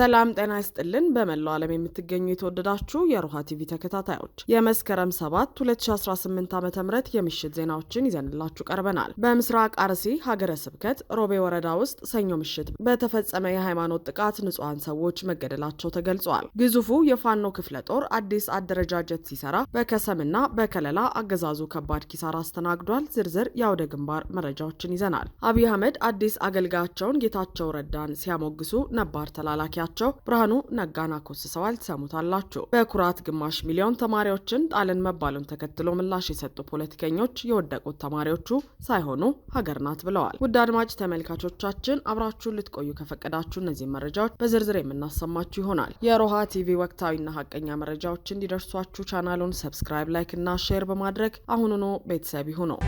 ሰላም ጤና ይስጥልን። በመላው ዓለም የምትገኙ የተወደዳችሁ የሮሃ ቲቪ ተከታታዮች የመስከረም 7 2018 ዓ ም የምሽት ዜናዎችን ይዘንላችሁ ቀርበናል። በምስራቅ አርሲ ሀገረ ስብከት ሮቤ ወረዳ ውስጥ ሰኞ ምሽት በተፈጸመ የሃይማኖት ጥቃት ንጹሐን ሰዎች መገደላቸው ተገልጿል። ግዙፉ የፋኖ ክፍለ ጦር አዲስ አደረጃጀት ሲሰራ በከሰምና በከለላ አገዛዙ ከባድ ኪሳራ አስተናግዷል። ዝርዝር የአውደ ግንባር መረጃዎችን ይዘናል። አብይ አህመድ አዲስ አገልጋያቸውን ጌታቸው ረዳን ሲያሞግሱ ነባር ተላላኪ ኃላፊያቸው ብርሃኑ ነጋን አኮስሰዋል። ትሰሙታላችሁ። በኩራት ግማሽ ሚሊዮን ተማሪዎችን ጣልን መባሉን ተከትሎ ምላሽ የሰጡ ፖለቲከኞች የወደቁት ተማሪዎቹ ሳይሆኑ ሀገር ናት ብለዋል። ውድ አድማጭ ተመልካቾቻችን አብራችሁን ልትቆዩ ከፈቀዳችሁ እነዚህን መረጃዎች በዝርዝር የምናሰማችሁ ይሆናል። የሮሃ ቲቪ ወቅታዊና ሀቀኛ መረጃዎች እንዲደርሷችሁ ቻናሉን ሰብስክራይብ፣ ላይክ እና ሼር በማድረግ አሁኑኑ ቤተሰብ ይሁነው።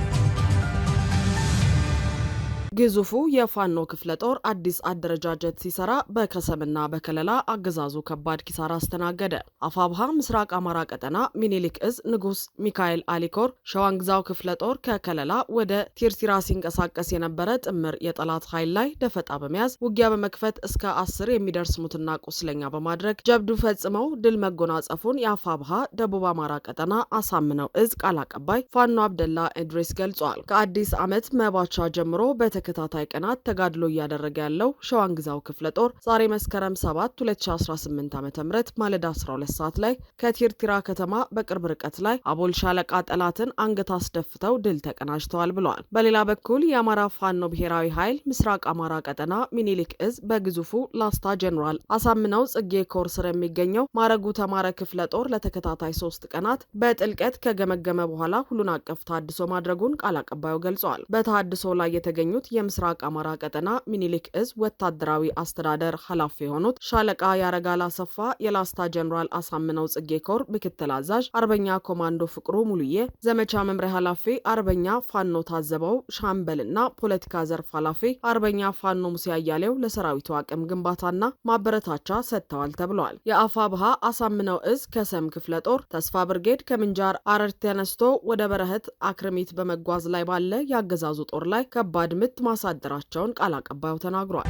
ግዙፉ የፋኖ ክፍለ ጦር አዲስ አደረጃጀት ሲሰራ በከሰምና በከለላ አገዛዙ ከባድ ኪሳራ አስተናገደ። አፋብሃ ምስራቅ አማራ ቀጠና ሚኒሊክ እዝ ንጉስ ሚካኤል አሊኮር ሸዋንግዛው ክፍለ ጦር ከከለላ ወደ ቲርሲራ ሲንቀሳቀስ የነበረ ጥምር የጠላት ኃይል ላይ ደፈጣ በመያዝ ውጊያ በመክፈት እስከ አስር የሚደርስ ሙትና ቁስለኛ በማድረግ ጀብዱ ፈጽመው ድል መጎናጸፉን የአፋብሃ ደቡብ አማራ ቀጠና አሳምነው እዝ ቃል አቀባይ ፋኖ አብደላ ኢድሪስ ገልጿል። ከአዲስ ዓመት መባቻ ጀምሮ በተ ለተከታታይ ቀናት ተጋድሎ እያደረገ ያለው ሸዋን ግዛው ክፍለ ጦር ዛሬ መስከረም 7 2018 ዓ ም ማለዳ 12 ሰዓት ላይ ከቲርቲራ ከተማ በቅርብ ርቀት ላይ አቦል ሻለቃ ጠላትን አንገት አስደፍተው ድል ተቀናጅተዋል ብለዋል። በሌላ በኩል የአማራ ፋኖ ብሔራዊ ኃይል ምስራቅ አማራ ቀጠና ሚኒሊክ እዝ በግዙፉ ላስታ ጀኔራል አሳምነው ጽጌ ኮር ስር የሚገኘው ማረጉ ተማረ ክፍለ ጦር ለተከታታይ ሶስት ቀናት በጥልቀት ከገመገመ በኋላ ሁሉን አቀፍ ታድሶ ማድረጉን ቃል አቀባዩ ገልጸዋል። በታድሶ ላይ የተገኙት የምስራቅ አማራ ቀጠና ሚኒሊክ እዝ ወታደራዊ አስተዳደር ኃላፊ የሆኑት ሻለቃ ያረጋል አሰፋ፣ የላስታ ጀኔራል አሳምነው ጽጌ ኮር ምክትል አዛዥ አርበኛ ኮማንዶ ፍቅሩ ሙሉዬ፣ ዘመቻ መምሪያ ኃላፊ አርበኛ ፋኖ ታዘበው ሻምበልና ፖለቲካ ዘርፍ ኃላፊ አርበኛ ፋኖ ሙሴ አያሌው ለሰራዊቱ አቅም ግንባታና ማበረታቻ ሰጥተዋል ተብለዋል። የአፋ ብሃ አሳምነው እዝ ከሰም ክፍለ ጦር ተስፋ ብርጌድ ከምንጃር አረር ተነስቶ ወደ በረህት አክርሚት በመጓዝ ላይ ባለ የአገዛዙ ጦር ላይ ከባድ ምት ማሳደራቸውን ቃል አቀባዩ ተናግሯል።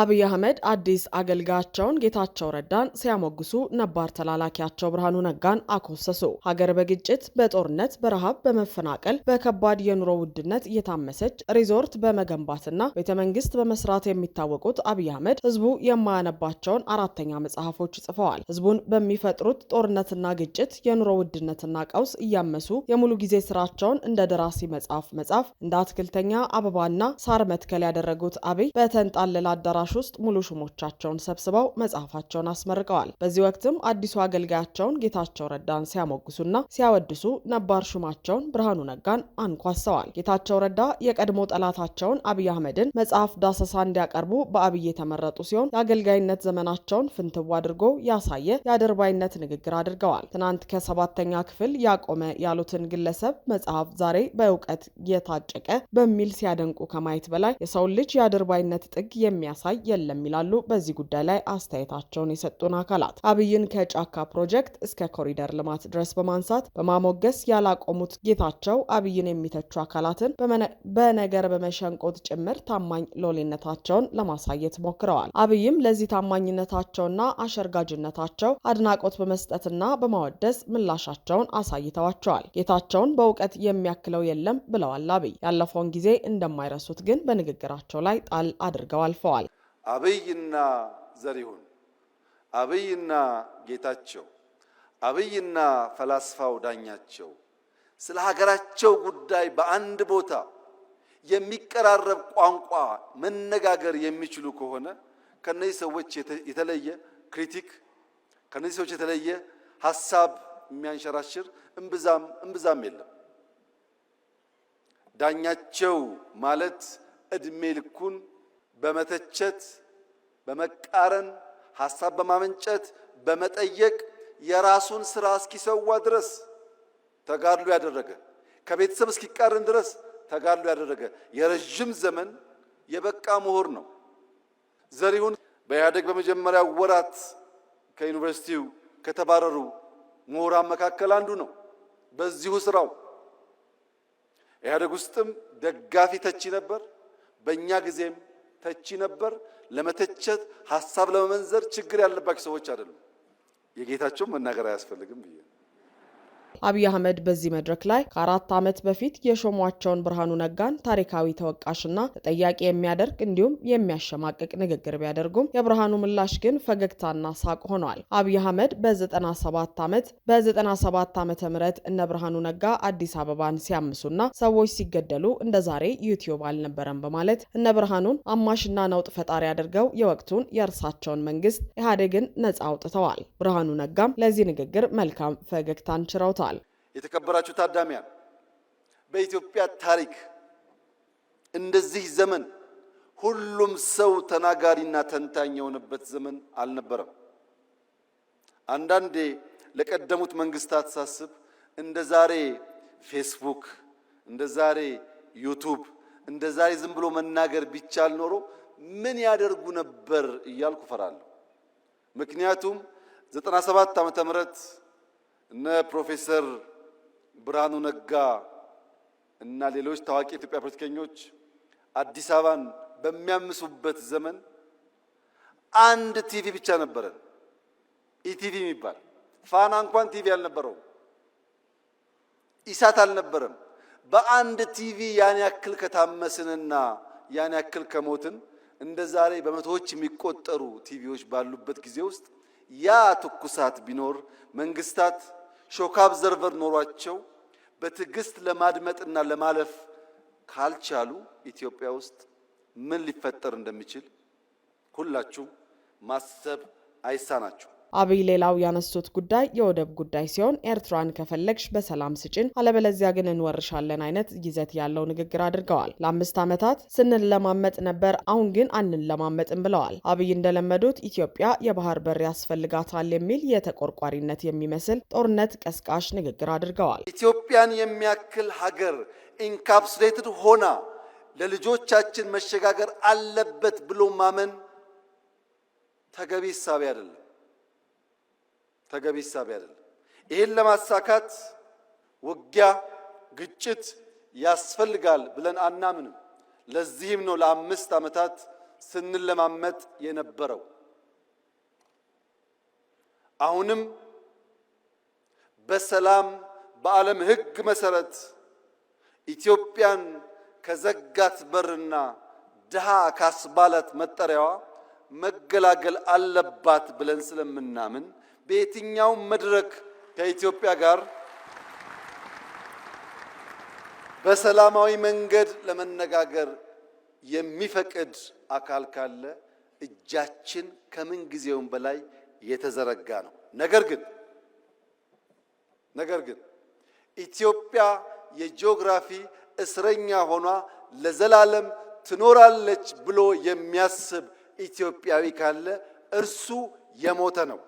አብይ አህመድ አዲስ አገልጋያቸውን ጌታቸው ረዳን ሲያሞግሱ ነባር ተላላኪያቸው ብርሃኑ ነጋን አኮሰሱ። ሀገር በግጭት በጦርነት በረሃብ በመፈናቀል በከባድ የኑሮ ውድነት እየታመሰች ሪዞርት በመገንባትና ቤተ መንግስት በመስራት የሚታወቁት አብይ አህመድ ህዝቡ የማያነባቸውን አራተኛ መጽሐፎች ጽፈዋል። ህዝቡን በሚፈጥሩት ጦርነትና ግጭት የኑሮ ውድነትና ቀውስ እያመሱ የሙሉ ጊዜ ስራቸውን እንደ ደራሲ መጽሐፍ መጻፍ እንደ አትክልተኛ አበባና ሳር መትከል ያደረጉት አብይ በተንጣለለ አዳራሽ አዳራሽ ውስጥ ሙሉ ሹሞቻቸውን ሰብስበው መጽሐፋቸውን አስመርቀዋል። በዚህ ወቅትም አዲሱ አገልጋያቸውን ጌታቸው ረዳን ሲያሞግሱና ሲያወድሱ ነባር ሹማቸውን ብርሃኑ ነጋን አንኳሰዋል። ጌታቸው ረዳ የቀድሞ ጠላታቸውን አብይ አህመድን መጽሐፍ ዳሰሳ እንዲያቀርቡ በአብይ የተመረጡ ሲሆን የአገልጋይነት ዘመናቸውን ፍንትው አድርጎ ያሳየ የአደርባይነት ንግግር አድርገዋል። ትናንት ከሰባተኛ ክፍል ያቆመ ያሉትን ግለሰብ መጽሐፍ ዛሬ በእውቀት የታጨቀ በሚል ሲያደንቁ ከማየት በላይ የሰውን ልጅ የአደርባይነት ጥግ የሚያሳ ተስፋይ የለም ይላሉ። በዚህ ጉዳይ ላይ አስተያየታቸውን የሰጡን አካላት አብይን ከጫካ ፕሮጀክት እስከ ኮሪደር ልማት ድረስ በማንሳት በማሞገስ ያላቆሙት ጌታቸው አብይን የሚተቹ አካላትን በነገር በመሸንቆት ጭምር ታማኝ ሎሌነታቸውን ለማሳየት ሞክረዋል። አብይም ለዚህ ታማኝነታቸውና አሸርጋጅነታቸው አድናቆት በመስጠትና በማወደስ ምላሻቸውን አሳይተዋቸዋል። ጌታቸውን በእውቀት የሚያክለው የለም ብለዋል አብይ። ያለፈውን ጊዜ እንደማይረሱት ግን በንግግራቸው ላይ ጣል አድርገው አልፈዋል። አብይና ዘሪሁን፣ አብይና ጌታቸው፣ አብይና ፈላስፋው ዳኛቸው ስለ ሀገራቸው ጉዳይ በአንድ ቦታ የሚቀራረብ ቋንቋ መነጋገር የሚችሉ ከሆነ ከነዚህ ሰዎች የተለየ ክሪቲክ ከነዚህ ሰዎች የተለየ ሀሳብ የሚያንሸራሽር እምብዛም እምብዛም የለም። ዳኛቸው ማለት እድሜ ልኩን በመተቸት በመቃረን ሀሳብ በማመንጨት በመጠየቅ የራሱን ስራ እስኪሰዋ ድረስ ተጋድሎ ያደረገ ከቤተሰብ እስኪቃረን ድረስ ተጋድሎ ያደረገ የረዥም ዘመን የበቃ ምሁር ነው። ዘሪሁን በኢህአዴግ በመጀመሪያው ወራት ከዩኒቨርሲቲው ከተባረሩ ምሁራን መካከል አንዱ ነው። በዚሁ ስራው ኢህአዴግ ውስጥም ደጋፊ ተቺ ነበር። በእኛ ጊዜም ተቺ ነበር። ለመተቸት ሀሳብ ለመመንዘር ችግር ያለባቸው ሰዎች አይደሉም። የጌታቸውን መናገር አያስፈልግም ብዬ አብይ አህመድ በዚህ መድረክ ላይ ከአራት ዓመት በፊት የሾሟቸውን ብርሃኑ ነጋን ታሪካዊ ተወቃሽና ተጠያቂ የሚያደርግ እንዲሁም የሚያሸማቅቅ ንግግር ቢያደርጉም የብርሃኑ ምላሽ ግን ፈገግታና ሳቅ ሆኗል። አብይ አህመድ በ97 ዓመት በ97 ዓመተ ምህረት እነ ብርሃኑ ነጋ አዲስ አበባን ሲያምሱና ሰዎች ሲገደሉ እንደ ዛሬ ዩቲዩብ አልነበረም በማለት እነ ብርሃኑን አማሽና ነውጥ ፈጣሪ አድርገው የወቅቱን የእርሳቸውን መንግስት ኢህአዴግን ነጻ አውጥተዋል። ብርሃኑ ነጋም ለዚህ ንግግር መልካም ፈገግታን ችረውታል። ተሰምቷል። የተከበራችሁ ታዳሚያን፣ በኢትዮጵያ ታሪክ እንደዚህ ዘመን ሁሉም ሰው ተናጋሪና ተንታኝ የሆነበት ዘመን አልነበረም። አንዳንዴ ለቀደሙት መንግስታት ሳስብ እንደ ዛሬ ፌስቡክ፣ እንደ ዛሬ ዩቱብ፣ እንደ ዛሬ ዝም ብሎ መናገር ቢቻል ኖሮ ምን ያደርጉ ነበር እያልኩ ፈራለሁ። ምክንያቱም 97 ዓመተ ምህረት እነ ፕሮፌሰር ብርሃኑ ነጋ እና ሌሎች ታዋቂ የኢትዮጵያ ፖለቲከኞች አዲስ አበባን በሚያምሱበት ዘመን አንድ ቲቪ ብቻ ነበረን፣ ኢቲቪ የሚባል ፋና እንኳን ቲቪ አልነበረውም፣ ኢሳት አልነበረም። በአንድ ቲቪ ያን ያክል ከታመስንና ያን ያክል ከሞትን እንደ ዛሬ በመቶዎች የሚቆጠሩ ቲቪዎች ባሉበት ጊዜ ውስጥ ያ ትኩሳት ቢኖር መንግስታት ሾካብ ዘርቨር ኖሯቸው በትዕግስት ለማድመጥና ለማለፍ ካልቻሉ ኢትዮጵያ ውስጥ ምን ሊፈጠር እንደሚችል ሁላችሁ ማሰብ አይሳናችሁ። አብይ ሌላው ያነሱት ጉዳይ የወደብ ጉዳይ ሲሆን ኤርትራን ከፈለግሽ በሰላም ስጭን፣ አለበለዚያ ግን እንወርሻለን አይነት ይዘት ያለው ንግግር አድርገዋል። ለአምስት ዓመታት ስንለማመጥ ነበር፣ አሁን ግን አንለማመጥም ብለዋል። አብይ እንደለመዱት ኢትዮጵያ የባህር በር ያስፈልጋታል የሚል የተቆርቋሪነት የሚመስል ጦርነት ቀስቃሽ ንግግር አድርገዋል። ኢትዮጵያን የሚያክል ሀገር ኢንካፕሱሌትድ ሆና ለልጆቻችን መሸጋገር አለበት ብሎ ማመን ተገቢ ሳቢ አይደለም። ተገቢ ሂሳብ አይደለም። ይህን ለማሳካት ውጊያ፣ ግጭት ያስፈልጋል ብለን አናምንም። ለዚህም ነው ለአምስት ዓመታት ስንለማመጥ የነበረው። አሁንም በሰላም በዓለም ሕግ መሰረት ኢትዮጵያን ከዘጋት በርና ድሃ ካስባላት መጠሪያዋ መገላገል አለባት ብለን ስለምናምን በየትኛውም መድረክ ከኢትዮጵያ ጋር በሰላማዊ መንገድ ለመነጋገር የሚፈቅድ አካል ካለ እጃችን ከምን ጊዜውም በላይ የተዘረጋ ነው። ነገር ግን ነገር ግን ኢትዮጵያ የጂኦግራፊ እስረኛ ሆኗ ለዘላለም ትኖራለች ብሎ የሚያስብ ኢትዮጵያዊ ካለ እርሱ የሞተ ነው።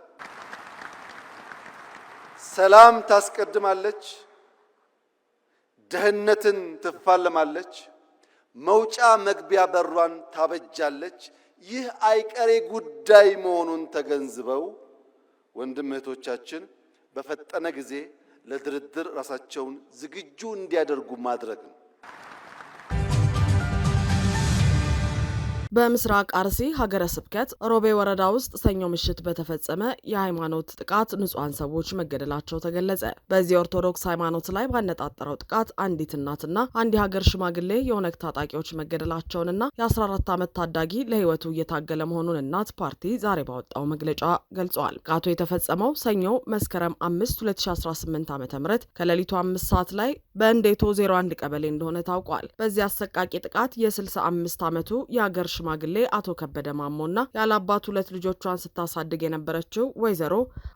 ሰላም ታስቀድማለች፣ ድህነትን ትፋለማለች፣ መውጫ መግቢያ በሯን ታበጃለች። ይህ አይቀሬ ጉዳይ መሆኑን ተገንዝበው ወንድም እህቶቻችን በፈጠነ ጊዜ ለድርድር ራሳቸውን ዝግጁ እንዲያደርጉ ማድረግ ነው። በምስራቅ አርሲ ሀገረ ስብከት ሮቤ ወረዳ ውስጥ ሰኞ ምሽት በተፈጸመ የሃይማኖት ጥቃት ንጹሐን ሰዎች መገደላቸው ተገለጸ። በዚህ የኦርቶዶክስ ሃይማኖት ላይ ባነጣጠረው ጥቃት አንዲት እናትና አንድ የሀገር ሽማግሌ የኦነግ ታጣቂዎች መገደላቸውንና የ14 ዓመት ታዳጊ ለህይወቱ እየታገለ መሆኑን እናት ፓርቲ ዛሬ ባወጣው መግለጫ ገልጸዋል። ጥቃቱ የተፈጸመው ሰኞ መስከረም 5 2018 ዓ ም ከሌሊቱ አምስት ሰዓት ላይ በእንዴቶ 01 ቀበሌ እንደሆነ ታውቋል። በዚህ አሰቃቂ ጥቃት የ65 ዓመቱ የሀገር ሽማ ሽማግሌ አቶ ከበደ ማሞና ያለ አባት ሁለት ልጆቿን ስታሳድግ የነበረችው ወይዘሮ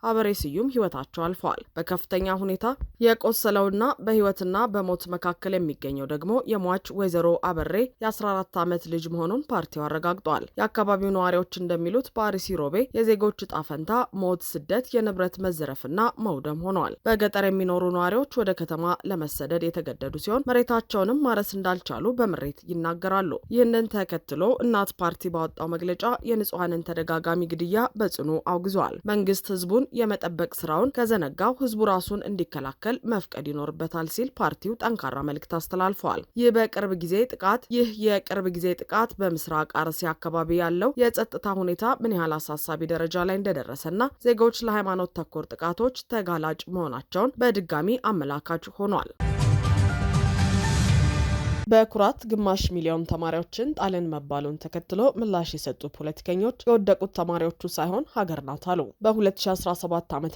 አበሬ ስዩም ህይወታቸው አልፈዋል። በከፍተኛ ሁኔታ የቆሰለውና በህይወትና በሞት መካከል የሚገኘው ደግሞ የሟች ወይዘሮ አበሬ የ14 ዓመት ልጅ መሆኑን ፓርቲው አረጋግጧል። የአካባቢው ነዋሪዎች እንደሚሉት በአርሲ ሮቤ የዜጎች እጣ ፈንታ ሞት፣ ስደት፣ የንብረት መዘረፍና መውደም ሆነዋል። በገጠር የሚኖሩ ነዋሪዎች ወደ ከተማ ለመሰደድ የተገደዱ ሲሆን መሬታቸውንም ማረስ እንዳልቻሉ በምሬት ይናገራሉ። ይህንን ተከትሎ እናት ፓርቲ ባወጣው መግለጫ የንጹሐንን ተደጋጋሚ ግድያ በጽኑ አውግዟል። መንግስት ህዝቡን የመጠበቅ ስራውን ከዘነጋው ህዝቡ ራሱን እንዲከላከል መፍቀድ ይኖርበታል ሲል ፓርቲው ጠንካራ መልእክት አስተላልፏል። ይህ በቅርብ ጊዜ ጥቃት ይህ የቅርብ ጊዜ ጥቃት በምስራቅ አርሲ አካባቢ ያለው የጸጥታ ሁኔታ ምን ያህል አሳሳቢ ደረጃ ላይ እንደደረሰና ዜጎች ለሃይማኖት ተኮር ጥቃቶች ተጋላጭ መሆናቸውን በድጋሚ አመላካች ሆኗል። በኩራት ግማሽ ሚሊዮን ተማሪዎችን ጣልን መባሉን ተከትሎ ምላሽ የሰጡ ፖለቲከኞች የወደቁት ተማሪዎቹ ሳይሆን ሀገር ናት አሉ። በ2017 ዓ ም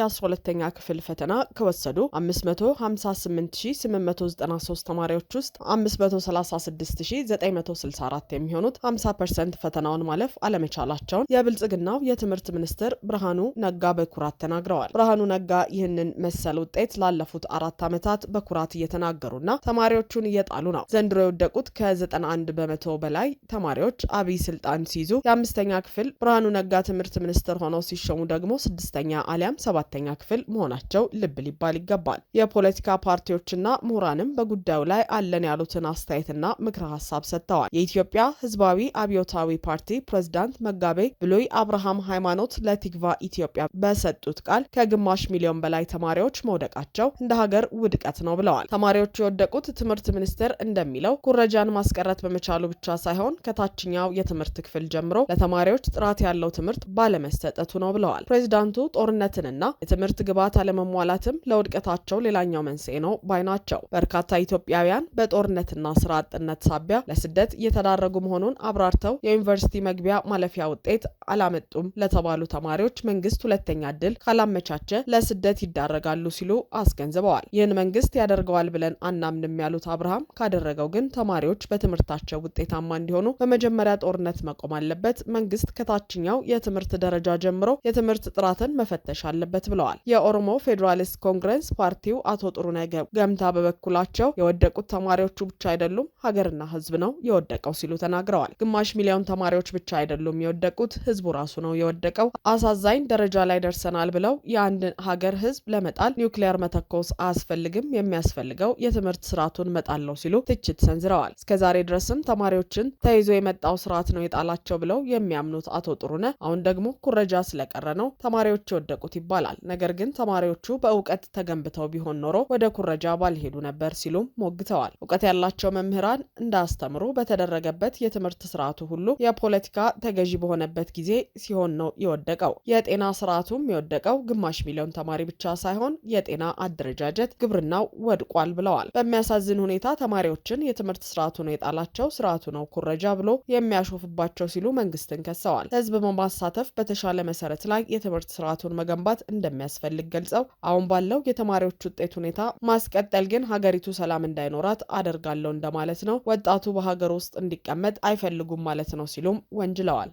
የ12ተኛ ክፍል ፈተና ከወሰዱ 558893 ተማሪዎች ውስጥ 536964 የሚሆኑት 50 ፐርሰንት ፈተናውን ማለፍ አለመቻላቸውን የብልጽግናው የትምህርት ሚኒስትር ብርሃኑ ነጋ በኩራት ተናግረዋል። ብርሃኑ ነጋ ይህንን መሰል ውጤት ላለፉት አራት ዓመታት በኩራት እየተናገሩና ተማሪዎቹን እየጣሉ ነው። ዘንድሮ የወደቁት ከ91 በመቶ በላይ ተማሪዎች አብይ ስልጣን ሲይዙ የአምስተኛ ክፍል ብርሃኑ ነጋ ትምህርት ሚኒስትር ሆነው ሲሾሙ ደግሞ ስድስተኛ አሊያም ሰባተኛ ክፍል መሆናቸው ልብ ሊባል ይገባል። የፖለቲካ ፓርቲዎችና ምሁራንም በጉዳዩ ላይ አለን ያሉትን አስተያየትና ምክረ ሀሳብ ሰጥተዋል። የኢትዮጵያ ህዝባዊ አብዮታዊ ፓርቲ ፕሬዝዳንት መጋቤ ብሉይ አብርሃም ሃይማኖት ለቲግቫ ኢትዮጵያ በሰጡት ቃል ከግማሽ ሚሊዮን በላይ ተማሪዎች መውደቃቸው እንደ ሀገር ውድቀት ነው ብለዋል። ተማሪዎቹ የወደቁት ትምህርት ሚኒስቴር እንደሚለው ኩረጃን ማስቀረት በመቻሉ ብቻ ሳይሆን ከታችኛው የትምህርት ክፍል ጀምሮ ለተማሪዎች ጥራት ያለው ትምህርት ባለመሰጠቱ ነው ብለዋል። ፕሬዚዳንቱ ጦርነትንና የትምህርት ግብዓት አለመሟላትም ለውድቀታቸው ሌላኛው መንስኤ ነው ባይ ናቸው። በርካታ ኢትዮጵያውያን በጦርነትና ስራ አጥነት ሳቢያ ለስደት እየተዳረጉ መሆኑን አብራርተው የዩኒቨርሲቲ መግቢያ ማለፊያ ውጤት አላመጡም ለተባሉ ተማሪዎች መንግስት ሁለተኛ እድል ካላመቻቸ ለስደት ይዳረጋሉ ሲሉ አስገንዝበዋል። ይህን መንግስት ያደርገዋል ብለን አናምንም ያሉት አብርሃም ያደረገው ግን ተማሪዎች በትምህርታቸው ውጤታማ እንዲሆኑ በመጀመሪያ ጦርነት መቆም አለበት፣ መንግስት ከታችኛው የትምህርት ደረጃ ጀምሮ የትምህርት ጥራትን መፈተሽ አለበት ብለዋል። የኦሮሞ ፌዴራሊስት ኮንግረስ ፓርቲው አቶ ጥሩነህ ገምታ በበኩላቸው የወደቁት ተማሪዎቹ ብቻ አይደሉም፣ ሀገርና ህዝብ ነው የወደቀው ሲሉ ተናግረዋል። ግማሽ ሚሊዮን ተማሪዎች ብቻ አይደሉም የወደቁት፣ ህዝቡ ራሱ ነው የወደቀው። አሳዛኝ ደረጃ ላይ ደርሰናል ብለው የአንድ ሀገር ህዝብ ለመጣል ኒውክሊየር መተኮስ አያስፈልግም፣ የሚያስፈልገው የትምህርት ስርዓቱን መጣለው ሲሉ ትችት ሰንዝረዋል። እስከዛሬ ድረስም ተማሪዎችን ተይዞ የመጣው ስርዓት ነው የጣላቸው ብለው የሚያምኑት አቶ ጥሩነ አሁን ደግሞ ኩረጃ ስለቀረ ነው ተማሪዎች የወደቁት ይባላል። ነገር ግን ተማሪዎቹ በእውቀት ተገንብተው ቢሆን ኖሮ ወደ ኩረጃ ባልሄዱ ነበር ሲሉም ሞግተዋል። እውቀት ያላቸው መምህራን እንዳስተምሩ በተደረገበት የትምህርት ስርዓቱ ሁሉ የፖለቲካ ተገዢ በሆነበት ጊዜ ሲሆን ነው የወደቀው። የጤና ስርዓቱም የወደቀው ግማሽ ሚሊዮን ተማሪ ብቻ ሳይሆን የጤና አደረጃጀት፣ ግብርናው ወድቋል ብለዋል። በሚያሳዝን ሁኔታ ተማሪዎች ተማሪዎችን የትምህርት ስርዓቱ ነው የጣላቸው፣ ስርዓቱ ነው ኩረጃ ብሎ የሚያሾፍባቸው ሲሉ መንግስትን ከሰዋል። ህዝብ በማሳተፍ በተሻለ መሰረት ላይ የትምህርት ስርዓቱን መገንባት እንደሚያስፈልግ ገልጸው አሁን ባለው የተማሪዎች ውጤት ሁኔታ ማስቀጠል ግን ሀገሪቱ ሰላም እንዳይኖራት አደርጋለሁ እንደማለት ነው። ወጣቱ በሀገር ውስጥ እንዲቀመጥ አይፈልጉም ማለት ነው ሲሉም ወንጅለዋል።